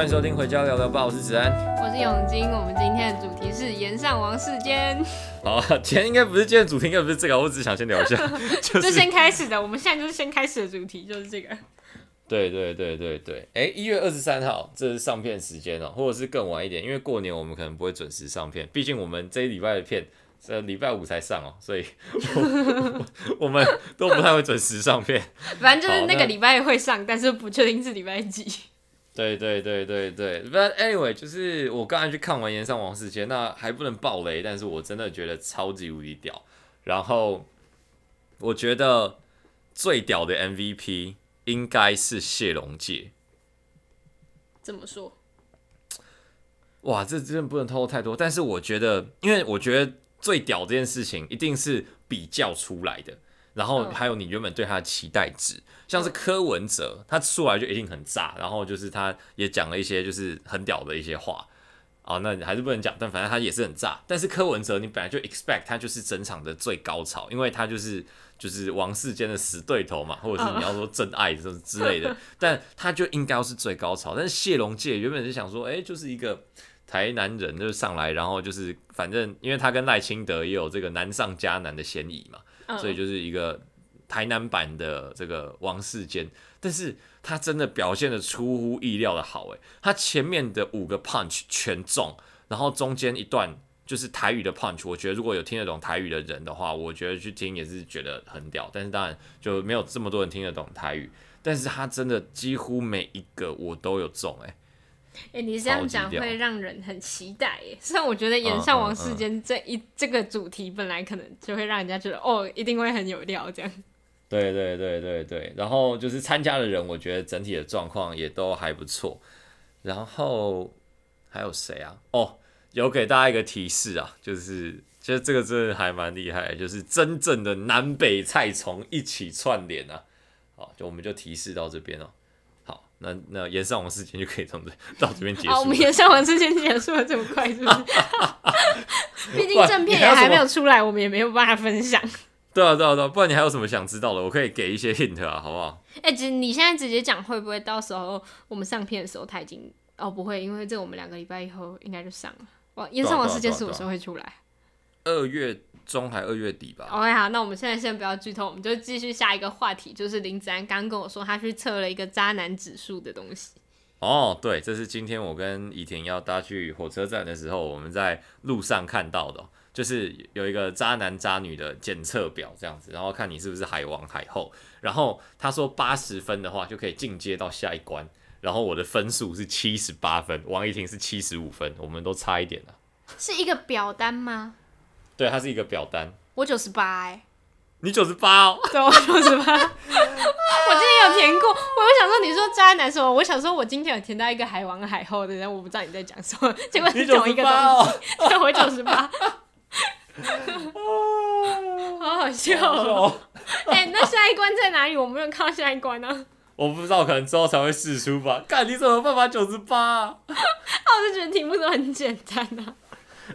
歡迎收聽《回家聊聊吧》，我是子安，我是永金。我們今天的主題是《炎上王世堅》。好，今天應該不是，今天主題應該不是這個。我只是想先聊一下，就是，就先開始的。我們現在就是先開始的主題就是這個。對對對對對，哎，欸，一月二十三號這是上片時間哦，喔，或者是更晚一點，因為過年我們可能不會準時上片，畢竟我們這一禮拜的片是禮，呃，拜五才上哦，喔，所以我， 我，我們都不太會準時上片。反正就是那個禮拜會上，但是不確定是禮拜幾。對對對對對，but anyway，就是我剛才去看完《炎上王世堅》，那還不能爆雷，但是我真的覺得超級無敵屌。然後我覺得最屌的 MVP 應該是謝龍介。怎麼說？哇，這真的不能透露太多。但是我覺得，因為我覺得最屌的這件事情一定是比較出來的。然後還有你原本對他的期待值，像是柯文哲，他出來就一定很炸。然後就是他也講了一些就是很屌的一些話，哦，那你還是不能講。但反正他也是很炸。但是柯文哲，你本來就 expect 他就是整場的最高潮，因為他就是就是王世堅的死對頭嘛，或者是你要說真愛這之類的。 但他就應該要是最高潮。但是謝龍介原本是想說，哎，就是一個台南人，就是上來，然後就是反正因為他跟賴清德也有這個難上加難的嫌疑嘛。所以就是一個台南版的這個王世堅，但是他真的表現得出乎意料的好誒。他前面的五個 punch 全中，然後中間一段就是台語的 punch，我覺得如果有聽得懂台語的人的話，我覺得去聽也是覺得很屌，但是當然就沒有這麼多人聽得懂台語，但是他真的幾乎每一個我都有中誒。哎、欸，你這樣講會讓人很期待耶。雖然我覺得演上王世堅這一、嗯嗯、這個主題本來可能就會讓人家覺得哦，一定會很有料這樣。對對對對對，然後就是參加的人，我覺得整體的狀況也都還不錯。然後還有誰啊？哦，有給大家一個提示啊，就是其實這個真的還蠻厲害，就是真正的南北菜蟲一起串聯吶、啊。好，就我們就提示到這邊哦。那那《炎上王事件》就可以從這到這邊結束。好、 哦，我們《炎上王事件》結束得這麼快，是不是？ 畢竟正片也還沒有出來，我們也沒有辦法分享。對啊，對啊，對，啊，不然你還有什麼想知道的，我可以給一些 hint 啊，好不好？哎、欸，直你現在直接講，會不會到時候我們上片的時候他已經……哦，不會，因為這我們兩個禮拜以後應該就上了。哇，《炎上王事件》什麼時候會出來？二、啊啊啊啊、月。中海二月底吧。OK，好，那我們現在先不要劇透，我們就繼續下一個話題，就是林子安剛跟我說他去測了一個渣男指數的東西。哦，對，這是今天我跟怡婷要搭去火車站的時候，我們在路上看到的，就是有一個渣男渣女的檢測表這樣子，然後看你是不是海王海後。然後他說八十分的話就可以進階到下一關，然後我的分數是七十八分，王怡婷是七十五分，我們都差一點了。是一個表單嗎？對，它是一個表單。我九十八哎！你九十八哦？對，我九十八。 我今天有填過，我有想說你說渣男什麼？我想說我今天有填到一個海王海後的人，我不知道你在講什麼。結果你同一個東西，所、哦、我九十八。 好好笑，喔，哎、欸，那下一關在哪裡？我沒有看到下一關啊。我不知道，可能之後才會釋出吧。看你怎麼辦法九十八。 啊，我就覺得題目都很簡單啊。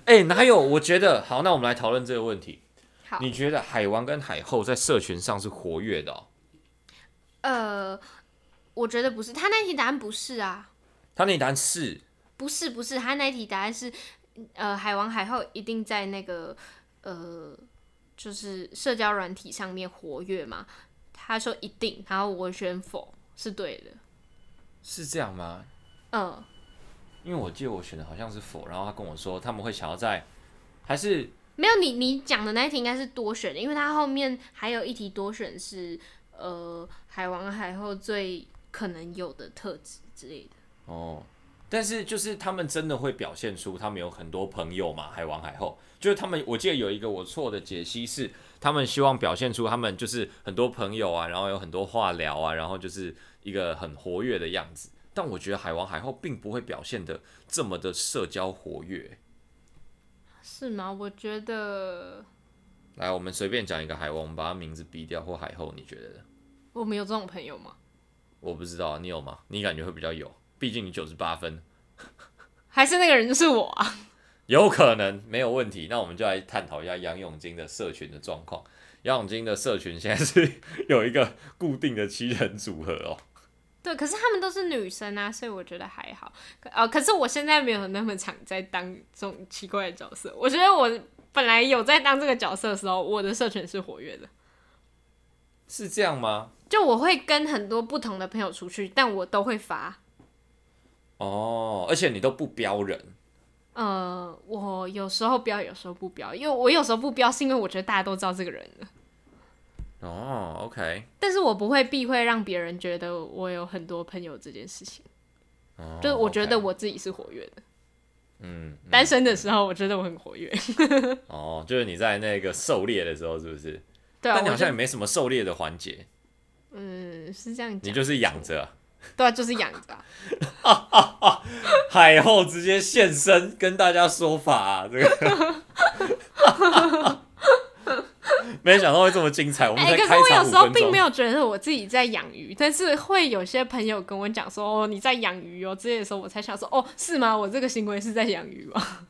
哎、欸，哪有？我覺得好，那我們來討論這個問題好。你覺得海王跟海後在社群上是活躍的，哦？呃，我覺得不是。他那題答案不是啊。他那題答案是？不是，不是。他那題答案是，呃，海王海後一定在那個呃，就是社交軟體上面活躍嘛？他說一定，然後我選否，是對的。是這樣嗎？嗯、呃。因為我記得我選的好像是否，然後他跟我說他們會想要在，還是沒有你你講的那一題應該是多選的，因為他後面還有一題多選是呃海王海後最可能有的特質之類的。哦，但是就是他們真的會表現出他們有很多朋友嘛？海王海後就是他們，我記得有一個我錯的解析是他們希望表現出他們就是很多朋友啊，然後有很多話聊啊，然後就是一個很活躍的樣子。但我覺得海王海後並不會表現得這麼的社交活躍，是嗎？我覺得，來，我們隨便講一個海王，把他名字逼掉，或海後，你覺得的？我們有這種朋友嗎？我不知道啊，你有嗎？你感覺會比較有，畢竟你九十八分，還是那個人是我啊？有可能，沒有問題。那我們就來探討一下楊永金的社群的狀況。楊永金的社群現在是有一個固定的七人組合哦。對，可是他們都是女生啊，所以我覺得還好。啊、呃，可是我現在沒有那麼常在當這種奇怪的角色。我覺得我本來有在當這個角色的時候，我的社群是活躍的，是這樣嗎？就我會跟很多不同的朋友出去，但我都會發。哦，而且你都不標人。呃，我有時候標，有時候不標，因為我有時候不標是因為我覺得大家都知道這個人了哦、oh, OK，但是我不會避諱讓別人覺得我有很多朋友這件事情。哦、oh, okay. 就是我覺得我自己是活躍的嗯。嗯，單身的時候我覺得我很活躍。哦、 oh, 就是你在那個狩獵的時候，是不是？對啊，但你好像也沒什麼狩獵的環節。嗯，是這樣子。你就是養着。對啊，就是養着、啊 啊啊。啊！海後直接現身跟大家說法啊，這個、 啊。啊沒想到會這麼精彩！我才開場五分鐘、欸、可是我有時候並沒有覺得我自己在養魚，但是會有些朋友跟我講說：“哦，你在養魚哦。”之類的。時候我才想說：“哦，是嗎？我這個行為是在養魚嗎？”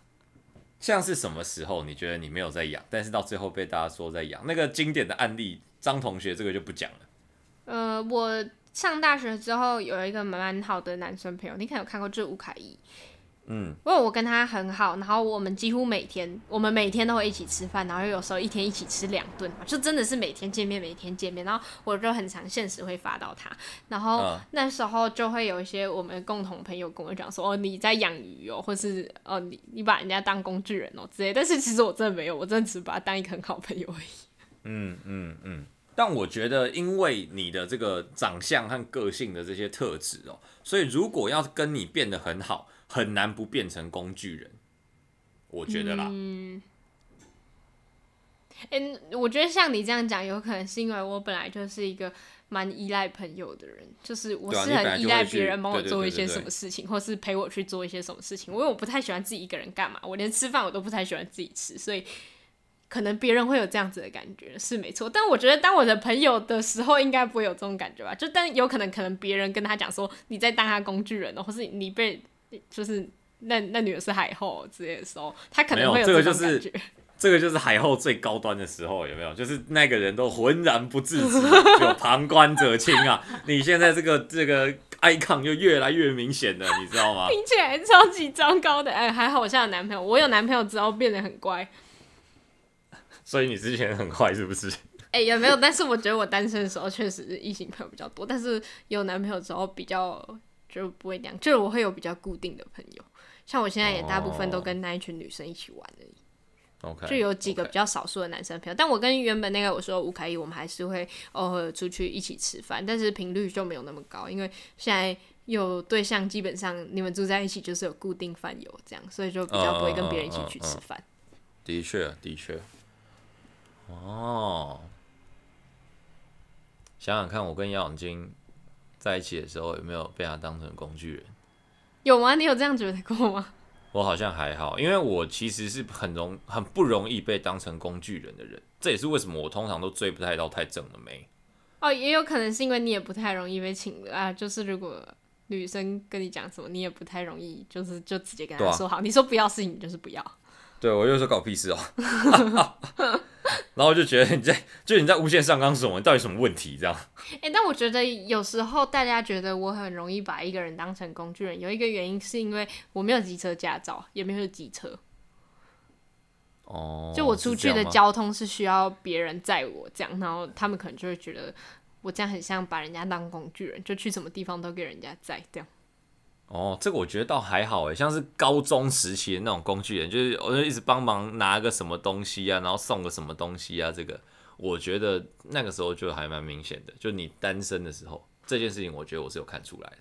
像是什麼時候你覺得你沒有在養，但是到最後被大家說在養？那個經典的案例，張同學這個就不講了。呃，我上大學之後有一個蠻蠻好的男生朋友，你看有看過這吳凱儀？嗯，因為我跟他很好，然後我們幾乎每天，我們每天都會一起吃飯，然後有時候一天一起吃兩頓嘛，就真的是每天見面，每天見面。然後我就很常現實會發到他，然後那時候就會有一些我們共同朋友跟我講說、嗯：“哦，你在養魚哦，或是哦你你把人家當工具人哦之類。”但是其實我真的沒有，我真的只把他當一個很好朋友而已嗯。嗯嗯嗯，但我覺得，因為你的這個長相和個性的這些特質哦，所以如果要跟你變得很好。很難不變成工具人，我覺得啦。嗯，哎、欸，我覺得像你這樣講，有可能是因為我本來就是一個蠻依賴朋友的人，就是我是很依賴別人幫我做一些什麼事情對對對對對，或是陪我去做一些什麼事情。因為我不太喜歡自己一個人幹嘛，我連吃飯我都不太喜歡自己吃，所以可能別人會有這樣子的感覺是沒錯。但我覺得當我的朋友的時候，應該不會有這種感覺吧？就但有可能，可能別人跟他講說你在當他工具人，或是你被。就是那那女的是海後之類的時候，她可能會有，有這，這個就是，這個就是海後最高端的時候有沒有？就是那個人都渾然不自知，啊，有 旁觀者清啊！你現在這個這個 icon 就越來越明顯了，你知道嗎？聽起來超級糟糕的，哎，還好我現在有男朋友，我有男朋友之後變得很乖，所以你之前很壞是不是？哎有沒有，但是我覺得我單身的時候確實是異性朋友比較多， 但是有男朋友之後比較。就不會這樣，就是我會有比較固定的朋友，像我現在也大部分都跟那一群女生一起玩而已。Oh. 就有幾個比較少數的男生朋友，Okay. 但我跟原本那個我說吳凱怡，我們還是會偶爾、哦、出去一起吃飯，但是頻率就沒有那麼高，因為現在有對象，基本上你們住在一起就是有固定飯友這樣，所以就比較不會跟別人一起去吃飯。嗯嗯嗯嗯嗯。的確，的確。哦，想想看，我跟楊永金在一起的時候有沒有被他當成工具人？有嗎？你有這樣覺得過嗎？我好像還好，因為我其實是很容很不容易被當成工具人的人。這也是為什麼我通常都追不太到太正的妹。哦，也有可能是因為你也不太容易被請啊。就是如果女生跟你講什麼，你也不太容易，就是就直接跟她說好、啊。你說不要是，你就是不要。對，我就說搞屁事哦、 啊啊，然後我就覺得你在，就你在無限上綱什麼？你到底什麼問題這樣？哎、欸，但我覺得有時候大家覺得我很容易把一個人當成工具人，有一個原因是因為我沒有機車駕照，也沒有機車、哦。就我出去的交通是需要別人載我這樣，這樣，然後他們可能就會覺得我這樣很像把人家當工具人，就去什麼地方都給人家載這樣。哦，這個我覺得倒還好誒，像是高中時期的那種工具人，就是我就一直幫忙拿個什麼東西啊，然後送個什麼東西啊，這個我覺得那個時候就還蠻明顯的。就你單身的時候，這件事情我覺得我是有看出來的。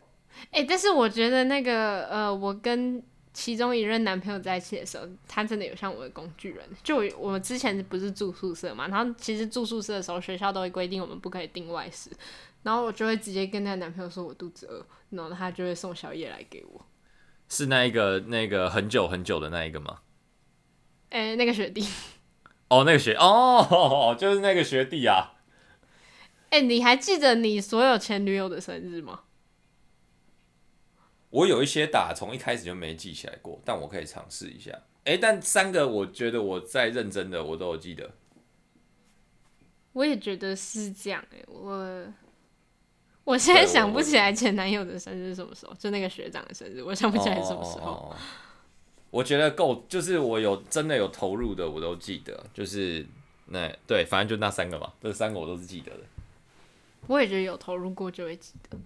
哎、欸，但是我覺得那個呃，我跟其中一任男朋友在一起的時候，他真的有像我的工具人。就我，我之前不是住宿舍嘛，然後其實住宿舍的時候，學校都會規定我們不可以訂外食。然後我就會直接跟那個男朋友說，我肚子餓，然後他就會送宵夜來給我。是那一個、那個很久很久的那一個嗎？欸，那個學弟。哦，那個學哦哦，就是那個學弟啊。欸，你還記得你所有前女友的生日嗎？我有一些打從一開始就沒記起來過，但我可以嘗試一下。欸，但三個我覺得我在認真的，我都有記得。我也覺得是這樣欸，我。我現在想不起來前男友的生日是什麼時候，就那個學長的生日，我想不起來是什麼時候。Oh, oh, oh, oh, oh. 我覺得夠，就是我有真的有投入的，我都記得，就是那對，反正就那三個嘛，這三個我都是記得的。我也覺得有投入過就會記得，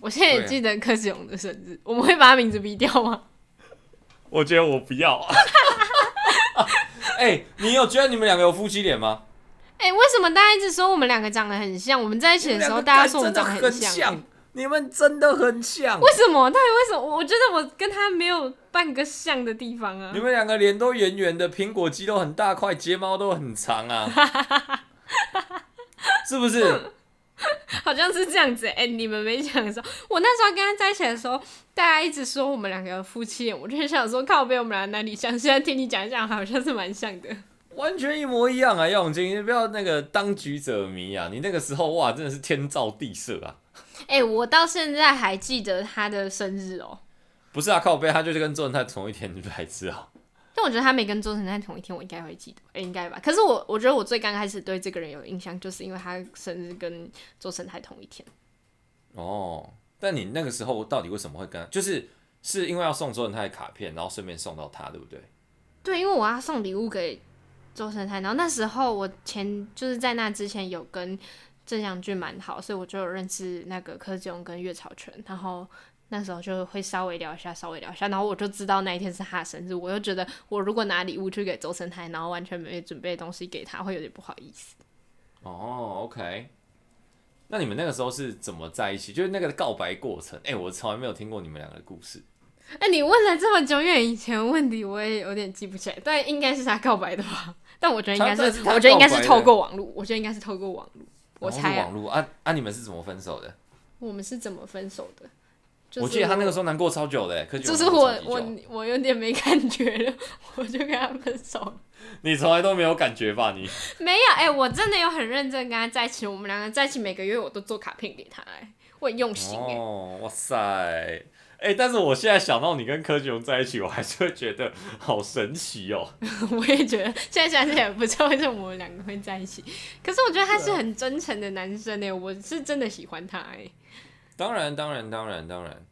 我現在也記得柯志勇的生日，我們會把他名字嗶掉嗎？我覺得我不要、啊。哎、 啊欸，你有覺得你們兩個有夫妻臉嗎？哎、欸，為什麼大家一直說我們兩個長得很像？我們在一起的時候，大家說我們長得很像。你們，真的、欸，你們真的很像。為什麼？他為什麼？我覺得我跟他沒有半個像的地方啊。你們兩個臉都圓圓的，蘋果肌都很大塊，睫毛都很長啊。哈哈哈，是不是？好像是這樣子，欸。哎、欸，你們沒講的時候，我那時候跟他在一起的時候，大家一直說我們兩個夫妻、欸、我就想說，靠北我們兩個哪裡像。現在聽你講一講，好像是蠻像的。完全一模一樣啊！耀永金，你不要那個當局者迷啊！你那個時候哇，真的是天造地設啊！哎、欸，我到現在還記得他的生日哦、喔。不是啊，靠背，他就是跟周成泰同一天來吃啊。但我覺得他沒跟周成泰同一天，我應該會記得，欸、應該吧？可是我，我覺得我最剛開始對這個人有印象，就是因為他生日跟周成泰同一天。哦，但你那個時候到底為什麼會跟他，就是是因為要送周成泰卡片，然後順便送到他，對不對？對，因為我要送禮物給。周生泰，然後那時候我前就是在那之前有跟鄭祥俊蠻好，所以我就有認識那個柯智榮跟岳朝全，然後那時候就會稍微聊一下，稍微聊一下，然後我就知道那一天是他生日，我就覺得我如果拿禮物去給周生泰，然後完全沒準備東西給他，會有點不好意思。哦，OK，那你們那個時候是怎麼在一起？就是那個告白過程，誒、欸，我從來沒有聽過你們兩個的故事。哎、欸，你問了這麼久遠以前問題，我也有點記不起來。但應該是他告白的吧？但我覺得應該是，是他的，我覺得應該是透過網絡。我覺得應該是透過網絡。我猜網絡啊啊！啊啊你們是怎麼分手的？我們是怎麼分手的？就是、我記得他那個時候難過超久的，欸，就是我我我，我有點沒感覺了，我就跟他分手。你從來都沒有感覺吧？你 沒有哎、欸，我真的有很認真跟他在一起。我們兩個在一起每個月我都做卡片給他，欸，我很用心哎、欸哦。哇塞！哎、欸，但是我現在想到你跟柯基榮在一起，我還是會覺得好神奇哦。 我也覺得，現在想起來不知道為什麼我們兩個會在一起。可是我覺得他是很真誠的男生哎、欸啊，我是真的喜歡他哎、欸。當然，當然，當然，當然。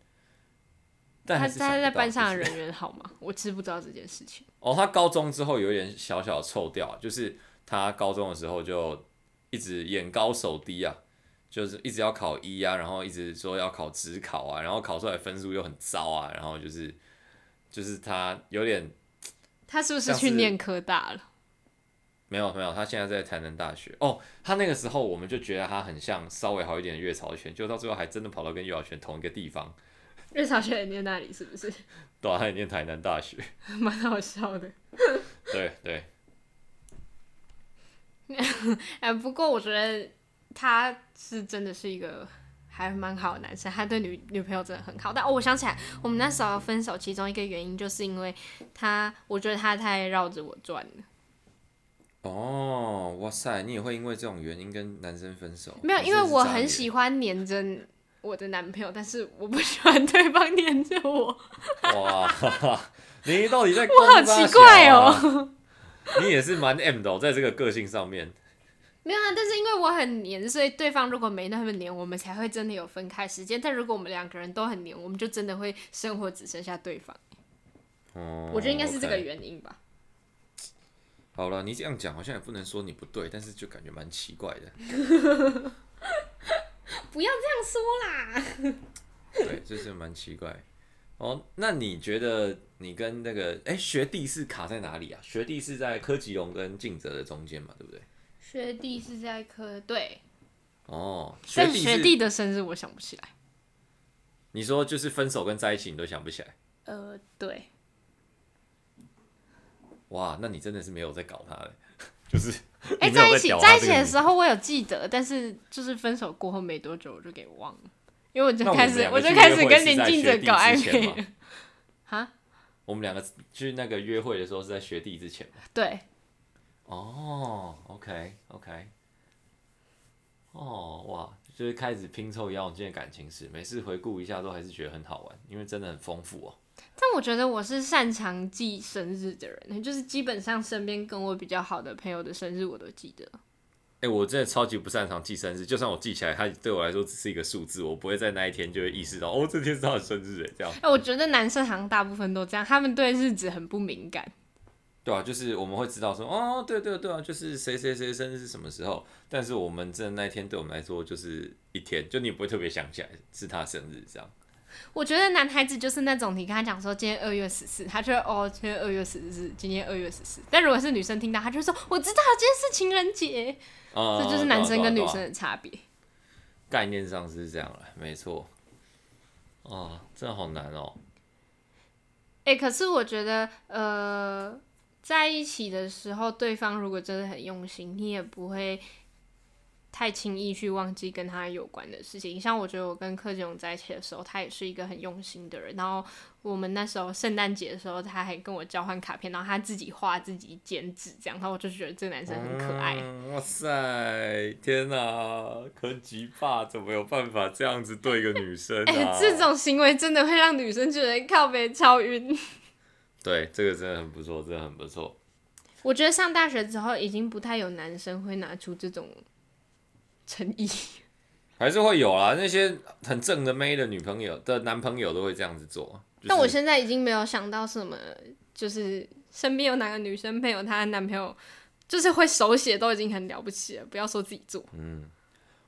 他他在班上的人緣好嗎？ 我知不知道這件事情？哦，他高中之後有點小小的臭掉，就是他高中的時候就一直眼高手低啊。就是一直要考醫啊，然後一直說要考指考啊，然後考出來分數又很糟啊，然後就是，就是他有點，他是不是去念科大了？沒有沒有，他現在在台南大學哦。Oh, 他那個時候我們就覺得他很像稍微好一點的月朝泉，結果到最後還真的跑到跟月朝泉同一個地方。月朝泉也念那裡是不是？對、啊，他也念台南大學，蠻好笑的。對 對。哎、欸，不過我覺得。他是真的是一個還蠻好的男生，他對女女朋友真的很好。但哦，我想起來，我們那時候分手，其中一個原因就是因為他，我覺得他太繞着我轉了。哦，哇塞，你也會因為這種原因跟男生分手？沒有，因為我很喜歡黏着我的男朋友，但是我不喜歡對方黏着我。哇哈哈，你到底在講什麼啊？我好奇怪哦，你也是蠻 M 的，在這個個性上面。沒有啊，但是因為我很黏，所以對方如果沒那麼黏，我們才會真的有分開時間。但如果我們兩個人都很黏，我們就真的會生活只剩下對方。哦、oh, okay.，我覺得應該是這個原因吧。好了，你這樣講好像也不能說你不對，但是就感覺蠻奇怪的。 不要這樣說啦。 對，就是蠻奇怪的。哦、oh,，那你覺得你跟那個哎、欸、學弟是卡在哪裡啊？學弟是在柯吉龍跟靜澤的中間嘛，對不對？學弟是在科對，哦是，但學弟的生日我想不起來。你說就是分手跟在一起，你都想不起來？呃，對。哇，那你真的是沒有在搞他嘞 就是哎、欸、在，在一起在一起的時候我有記得，但是就是分手過後沒多久我就給忘了，因為我就開始我就開始跟林靜哲搞曖昧。哈、啊，我們兩個去那個約會的時候是在學弟之前嗎？對。哦，OK，OK，哦，哇，就是開始拼湊楊永健的感情史，每次回顧一下都還是覺得很好玩，因為真的很豐富哦。但我覺得我是擅長記生日的人，就是基本上身邊跟我比較好的朋友的生日我都記得。哎、欸，我真的超級不擅長記生日，就算我記起來，他對我來說只是一個數字，我不會在那一天就會意識到哦，這天是他的生日，哎，這樣。哎、欸，我覺得男生好像大部分都這樣，他們對日子很不敏感。對啊，就是我們會知道說，哦，對對對啊，就是誰誰誰生日是什麼時候。但是我們真的那一天對我們來說就是一天，就你不會特別想起來是他生日這樣。我覺得男孩子就是那種你跟他講說今天二月十四，他就會哦，今天二月十四，今天二月十四。但如果是女生聽到，他就說我知道今天是情人節。哦，這就是男生跟女生的差別。哦，對啊，對啊，對啊，對啊。概念上是這樣了，沒錯。哦，真的好難哦。哎、欸，可是我覺得呃。在一起的時候，對方如果真的很用心，你也不會太輕易去忘記跟他有關的事情。像我覺得我跟柯基勇在一起的時候，他也是一個很用心的人。然後我們那時候聖誕節的時候，他還跟我交換卡片，然後他自己畫、自己剪紙這樣，然後我就覺得這個男生很可愛。嗯、哇塞，天哪、啊，柯基霸怎麼有辦法這樣子對一個女生、啊，欸？這種行為真的會讓女生覺得靠北超暈。對，這個真的很不錯，真的很不錯。我覺得上大學之後已經不太有男生會拿出這種誠意， 還是會有啦。那些很正的妹的女朋友的男朋友都會這樣子做，就是。但我現在已經沒有想到什麼，就是身邊有哪個女生有朋友，她的男朋友就是會手寫，都已經很了不起了，不要說自己做。嗯，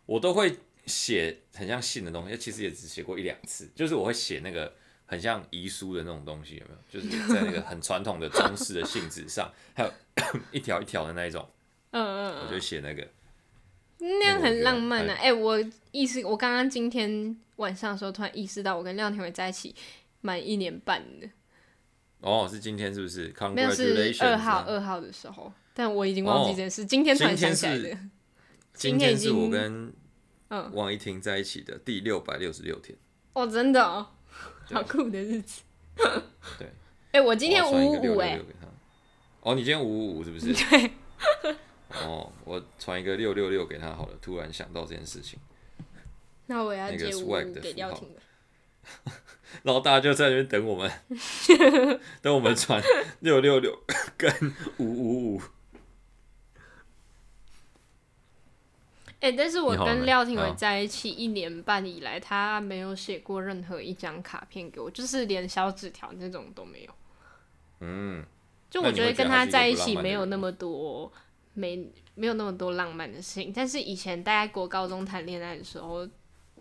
我都會寫很像信的東西，其實也只寫過一兩次，就是我會寫那個。很像遺書的那種東西，有沒有？就是在那個很傳統的中式的信紙上， 還有 一條一條的那一種。嗯嗯，我就寫那個，嗯、那樣、個、很浪漫呢、啊。哎、欸，我意思，我剛剛今天晚上的時候，突然意識到我跟廖天偉在一起滿一年半了。哦，是今天是不是？Congratulations！沒有，是二號二、啊、號的時候，但我已經忘記這件事。今天是今天，已經今天是我跟嗯王一婷在一起的、嗯、第六百六十六天。哦，真的哦。好酷的日子， 對。哎、欸，我今天五五五。哎、欸。哦，你今天五五五是不是？對。 哦，我傳一個六六六給他好了。突然想到這件事情。那我要5 5 5那個 swag 的符號了。然 後大家就在那邊等我們， 等我們傳六六六跟五五五。哎、欸，但是我跟廖廷偉在一起一年半以來，啊、他沒有寫過任何一張卡片給我，就是連小紙條那種都沒有。嗯，就我覺得跟他在一起沒有那麼多，沒沒有那麼多浪漫的事情。但是以前大家國高中談戀愛的時候，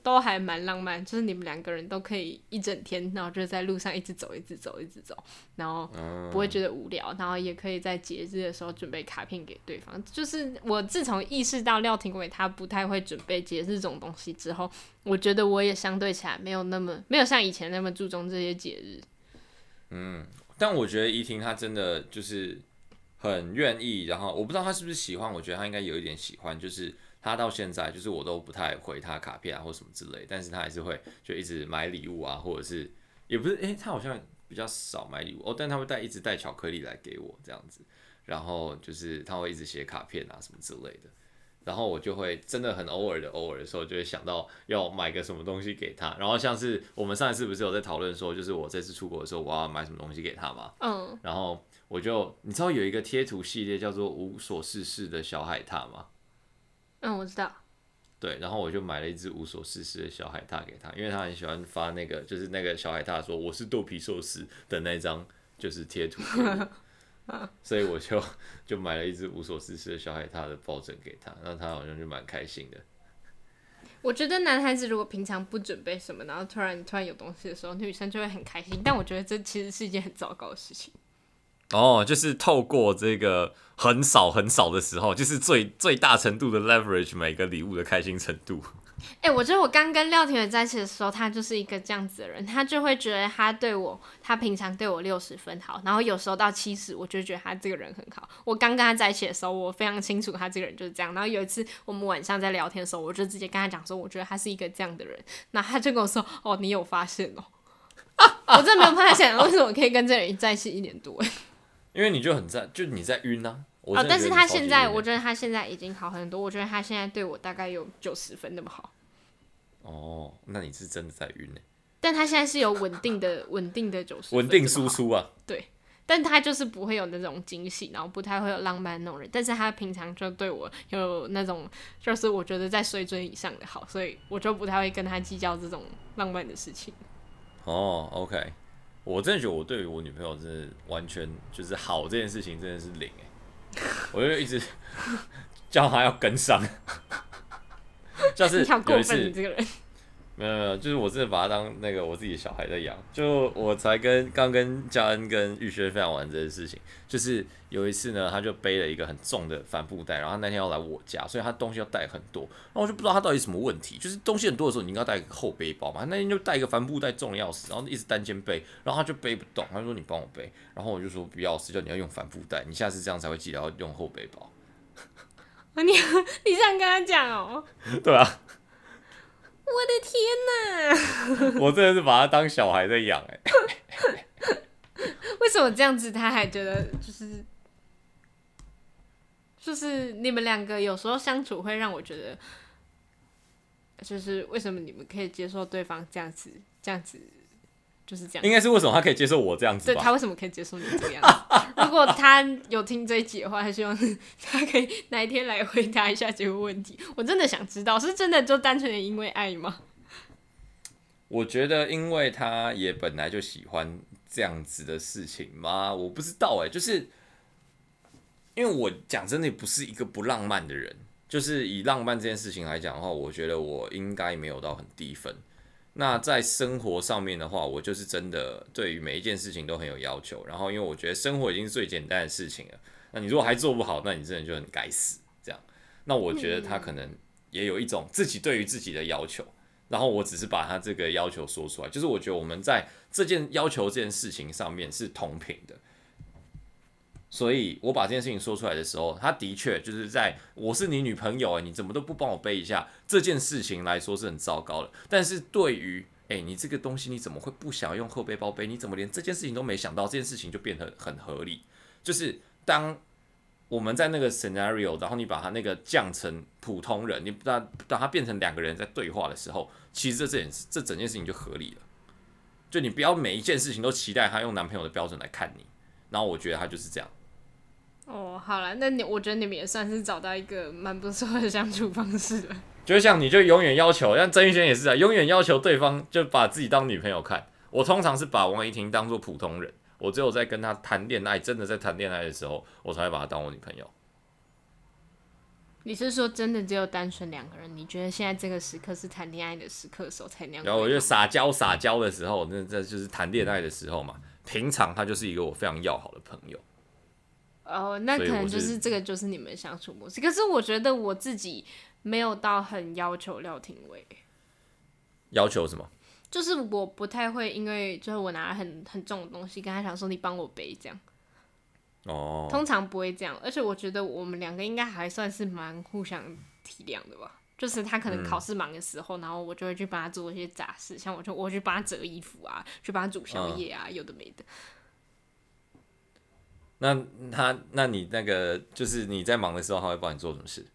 都還蠻浪漫，就是你們兩個人都可以一整天，然後就在路上一直走，一直走，一直走，然後不會覺得無聊，嗯、然後也可以在節日的時候準備卡片給對方。就是我自從意識到廖廷偉他不太會準備節日這種東西之後，我覺得我也相對起來沒有那麼沒有像以前那麼注重這些節日。嗯，但我覺得怡婷她真的就是很願意，然後我不知道她是不是喜歡，我覺得她應該有一點喜歡，就是。他到現在就是我都不太回他卡片啊或什麼之類，但是他還是會就一直買禮物啊，或者是也不是誒、欸，他好像比較少買禮物哦，但他會帶一直帶巧克力來給我這樣子，然後就是他會一直寫卡片啊什麼之類的，然後我就會真的很偶爾的偶爾的時候就會想到要買個什麼東西給他，然後像是我們上一次不是有在討論說，就是我這次出國的時候我要買什麼東西給他嘛，嗯、oh.，然後我就你知道有一個貼圖系列叫做無所事事的小海獺嗎？嗯，我知道。對，然後我就買了一隻無所事事的小海獺給他，因為他很喜歡發那個，就是那個小海獺說“我是肚皮壽司”的那張，就是貼圖。 所以我就就買了一隻無所事事的小海獺的抱枕給他，然後他好像就蠻開心的。 我覺得男孩子如果平常不準備什麼，然後突然突然有東西的時候，女生就會很開心。但我覺得這其實是一件很糟糕的事情。哦、oh，就是透過這個很少很少的時候，就是最最大程度的 leverage 每個禮物的開心程度。哎、欸，我覺得我剛跟廖庭遠在一起的時候，他就是一個這樣子的人，他就會覺得他對我，他平常對我六十分好，然後有時候到七十，我就覺得他這個人很好。我剛跟他在一起的時候，我非常清楚他這個人就是這樣。然後有一次我們晚上在聊天的時候，我就直接跟他講說，我覺得他是一個這樣的人。那他就跟我說，哦，你有發現哦？ 啊、我真的沒有辦法想象， 為什麼我可以跟這人在一起一年多？因為你就很在，就你在暈吶、啊。啊、哦，但是他現在，我覺得他現在已經好很多。我覺得他現在對我大概有九十分那麼好。哦，那你是真的在暈呢？但他現在是有穩定的、穩 定的九十分，穩定輸出啊。對，但他就是不會有那種驚喜，然後不太會有浪漫那種人。但是他平常就對我有那種，就是我覺得在水準以上的好，所以我就不太會跟他計較這種浪漫的事情。哦，OK。我真的覺得，我對於我女朋友真的完全就是好這件事情，真的是零、欸、我就一直叫她要跟上，就是有一次這個人。沒有沒有，就是我真的把他當那個我自己的小孩在養。就我才跟剛，剛跟嘉恩跟玉軒分享完這件事情，就是有一次呢，他就背了一個很重的帆布袋，然後他那天要來我家，所以他東西要帶很多，然後我就不知道他到底什麼問題。就是東西很多的時候，你應該帶一個厚背包嘛。他那天就帶一個帆布袋，重的要死，然後一直單肩背，然後他就背不動，他就說，你幫我背，然後我就說不要死，叫你要用帆布袋，你下次這樣才會記得要用厚背包。你你這樣跟他講哦？ 對啊。我的天吶！ 我真的是把他當小孩在養哎。為什麼這樣子他還覺得就是，就是你們兩個有時候相處會讓我覺得，就是為什麼你們可以接受對方這樣子這樣子？就是這樣，應該是為什麼他可以接受我這樣子？對，他為什麼可以接受你這樣子？ 如果他有聽這一集的話，他希望他可以哪一天來回答一下這個問題。我真的想知道，是真的就單純的因為愛嗎？我覺得因為他也本來就喜歡這樣子的事情嗎？我不知道哎，就是因為我講真的不是一個不浪漫的人，就是以浪漫這件事情來講的話，我覺得我應該沒有到很低分。那在生活上面的話，我就是真的對於每一件事情都很有要求。然後，因為我覺得生活已經是最簡單的事情了，那你如果還做不好，那你真的就很該死這樣。那我覺得他可能也有一種自己對於自己的要求，然後我只是把他這個要求說出來，就是我覺得我們在這件要求這件事情上面是同頻的。所以我把這件事情說出來的時候，他的確就是在我是你女朋友哎、欸，你怎麼都不幫我背一下這件事情來說是很糟糕的。但是對於哎、欸、你這個東西，你怎麼會不想要用後背包背？你怎麼連這件事情都沒想到？這件事情就變得很合理。就是當我們在那個 scenario，然後你把他那個降成普通人，你不知道當他變成兩個人在對話的時候，其實這這件事這整件事情就合理了。就你不要每一件事情都期待他用男朋友的標準來看你。然後我覺得他就是這樣。哦，好啦。那你我覺得你們也算是找到一個蠻不錯的相處方式了。就像你就永遠要求，像曾玉軒也是啊，永遠要求對方就把自己當女朋友看。我通常是把王一婷當作普通人，我只有在跟她談戀愛，真的在談戀愛的時候，我才會把她當我女朋友。你是說真的只有單純兩個人？你覺得現在這個時刻是談戀愛的時刻的時候才那樣？然後我覺得撒嬌撒嬌的時候，那那就是談戀愛的時候嘛。平常她就是一個我非常要好的朋友。哦、oh,，那可能就是這個，就是你們相處模式。是可是我覺得我自己沒有到很要求廖廷威，要求什麼？就是我不太會，因為就是我拿了很很重的東西，跟他想說你幫我背這樣。哦、oh.。通常不會這樣，而且我覺得我們兩個應該還算是蠻互相體諒的吧。就是他可能考試忙的時候、嗯，然後我就會去幫他做一些雜事，像我就我去幫他折衣服啊，去幫他煮宵夜啊、嗯，有的沒的。那他，那你那個，就是你在忙的時候，他會幫你做什麼事？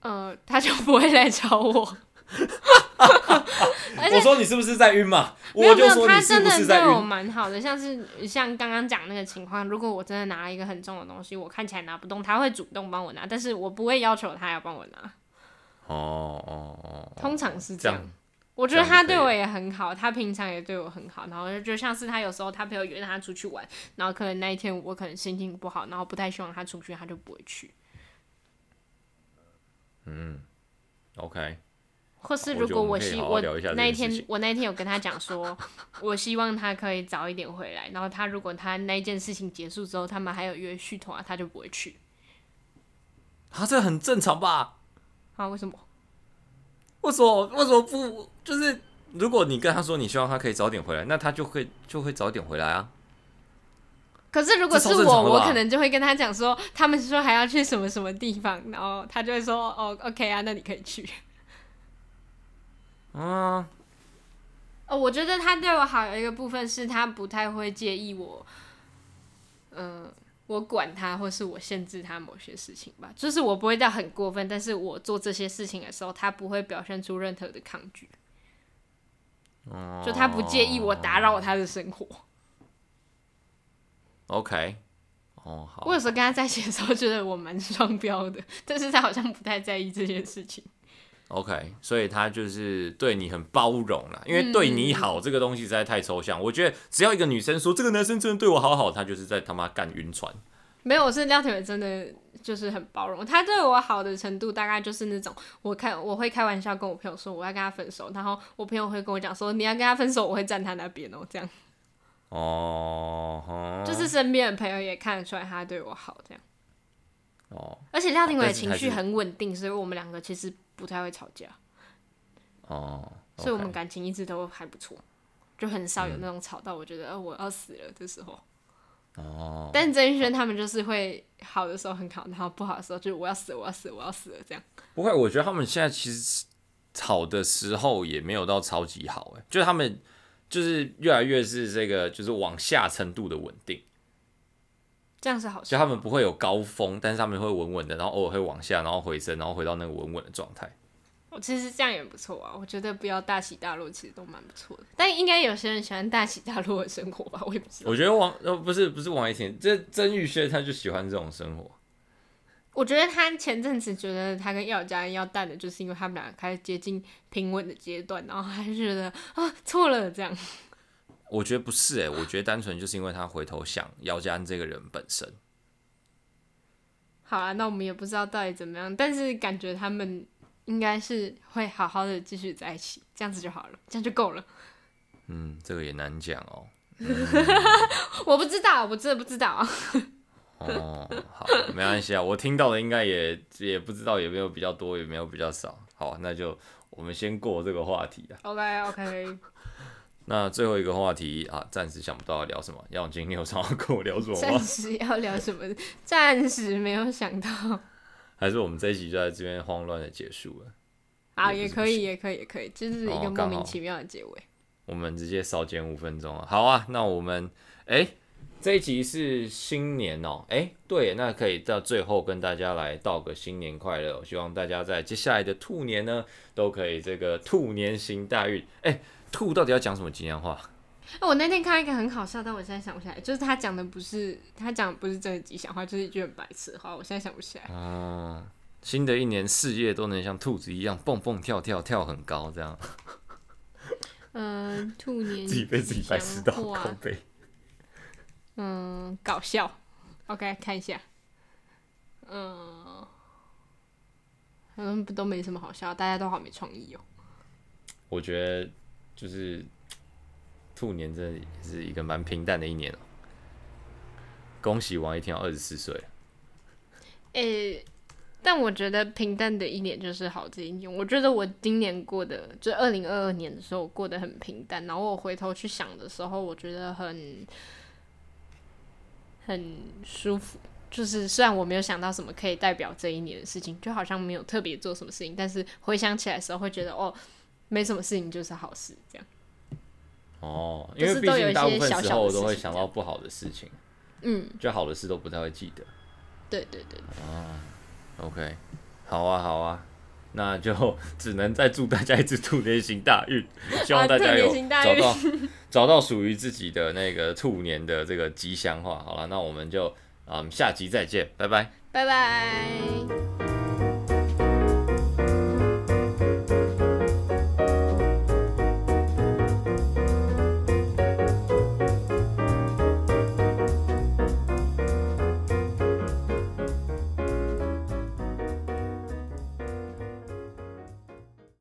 呃，他就不會來找我。 我說你是不是在暈嘛？我覺得他真的對我蠻好的，像是像剛剛講那個情況，如果我真的拿一個很重的東西，我看起來拿不動，他會主動幫我拿，但是我不會要求他要幫我拿。哦哦哦，通常是這樣。這樣。我覺得他對我也很好，他平常也對我很好，然後我就覺得像是他有時候他朋友約他出去玩，然後可能那一天我可能心情不好，然後不太希望他出去，他就不會去。嗯，OK。或是如果我希我,我那一天我那一天有跟他講說， 我希望他可以早一點回來，然後他如果他那件事情結束之後，他們還有約續攤，他就不會去。他、啊、這很正常吧？啊，為什麼？為什麼為什麼不？就是如果你跟他說你希望他可以早點回來，那他就會就會早點回來啊。可是如果是我，是我可能就會跟他講說，他們說還要去什麼什麼地方，然後他就會說，哦，OK 啊，那你可以去。嗯、啊哦，我覺得他對我好，有一個部分是他不太會介意我，嗯、呃。我管他，或是我限制他某些事情吧，就是我不會到很過分，但是我做這些事情的時候，他不會表現出任何的抗拒，oh. 就他不介意我打擾他的生活。OK，哦、oh, 好，我有時候跟他在一起的時候，覺得我蠻雙標的，但是他好像不太在意這些事情。OK，所以他就是對你很包容了，因為對你好這個東西實在太抽象，嗯。我覺得只要一個女生說這個男生真的對我好好，他就是在他媽乾暈船。沒有，是廖庭偉真的就是很包容，他對我好的程度大概就是那種，我看我會開玩笑跟我朋友說我要跟他分手，然後我朋友會跟我講說你要跟他分手，我會站他那邊哦，這樣。哦，就是身邊的朋友也看得出來他對我好，這樣。哦，而且廖庭偉情緒很穩定，所以我們兩個其實。不太會吵架，哦、oh, okay.，所以我們感情一直都還不錯，就很少有那種吵、嗯、到我覺得呃、哦、我要死了的時候，哦、oh.，但曾軒他們就是會好的時候很好，然後不好的時候就我要死我要死我要死了這樣。不會，我覺得他們現在其實吵的時候也沒有到超級好、欸，哎，就他們就是越來越是這個就是往下程度的穩定。這樣是好，就他們不會有高峰，但是他們會穩穩的，然後偶爾會往下，然後回升，然後回到那個穩穩的狀態。我其實這樣也不錯啊，我覺得不要大起大落，其實都蠻不錯的。但應該有些人喜歡大起大落的生活吧，我也不知道。我覺得王、呃、哦、不是不是王一婷，這曾玉軒他就喜歡這種生活。我覺得他前陣子覺得他跟耀家要淡的就是因為他們倆開始接近平穩的階段，然後他就覺得啊錯、哦、了這樣。我覺得不是哎、欸，我覺得單純就是因為他回頭想姚家安這個人本身。好啊，那我們也不知道到底怎麼樣，但是感覺他們應該是會好好的繼續在一起，這樣子就好了，這樣就夠了。嗯，這個也難講哦。嗯、 我不知道，我真的不知道。 哦，好，沒關係啊，我聽到的應該也也不知道有沒有比較多，有沒有比較少。好，那就我們先過這個話題啊。OK，OK okay, okay。那最後一個話題啊，暫時想不到要聊什麼。要金，你有想跟我聊什麼？暫時要聊什麼？暫 時沒有想到。還是我們這一集就在這邊慌亂的結束了。好，也可以，也可以，也可以，這、就是一個莫名其妙的結尾。哦、我們直接少剪五分鐘啊！好啊，那我們哎、欸，這一集是新年哦、喔，哎、欸，對，那可以到最後跟大家來道個新年快樂，希望大家在接下來的兔年呢，都可以這個兔年行大運，哎、欸。兔到底要講什麼吉祥話？哎、哦，我那天看一個很好笑，但我現在想不起來。就是他講的不是，他講的不是真的吉祥話，就是一句很白痴的話。我現在想不起來。哦、啊，新的一年事業都能像兔子一樣蹦蹦跳跳跳很高，這樣。嗯，兔年自己被自己白痴到很可悲。嗯，搞笑。OK，看一下。嗯，嗯，都沒什麼好笑，大家都好沒創意哦。我覺得。就是兔年真是一個蠻平淡的一年喔。恭喜王一天要二十四歲誒。欸，但我覺得平淡的一年就是好這一年。我覺得我今年過的，就二零二二年的時候過得很平淡。然後我回頭去想的時候，我覺得很很舒服。就是雖然我沒有想到什麼可以代表這一年的事情，就好像沒有特別做什麼事情，但是回想起來的時候，會覺得哦。沒什麼事情就是好事，這樣。哦，因為畢竟大部分時候我都會想到不好的事情，嗯，就好的事都不太會記得。對對對，對啊。啊，OK，好啊好啊，那就只能再祝大家一隻兔年行大運，啊，希望大家有找到 找到屬於自己的那個兔年的這個吉祥話。好了，那我們就，嗯，下集再見，拜拜，拜拜。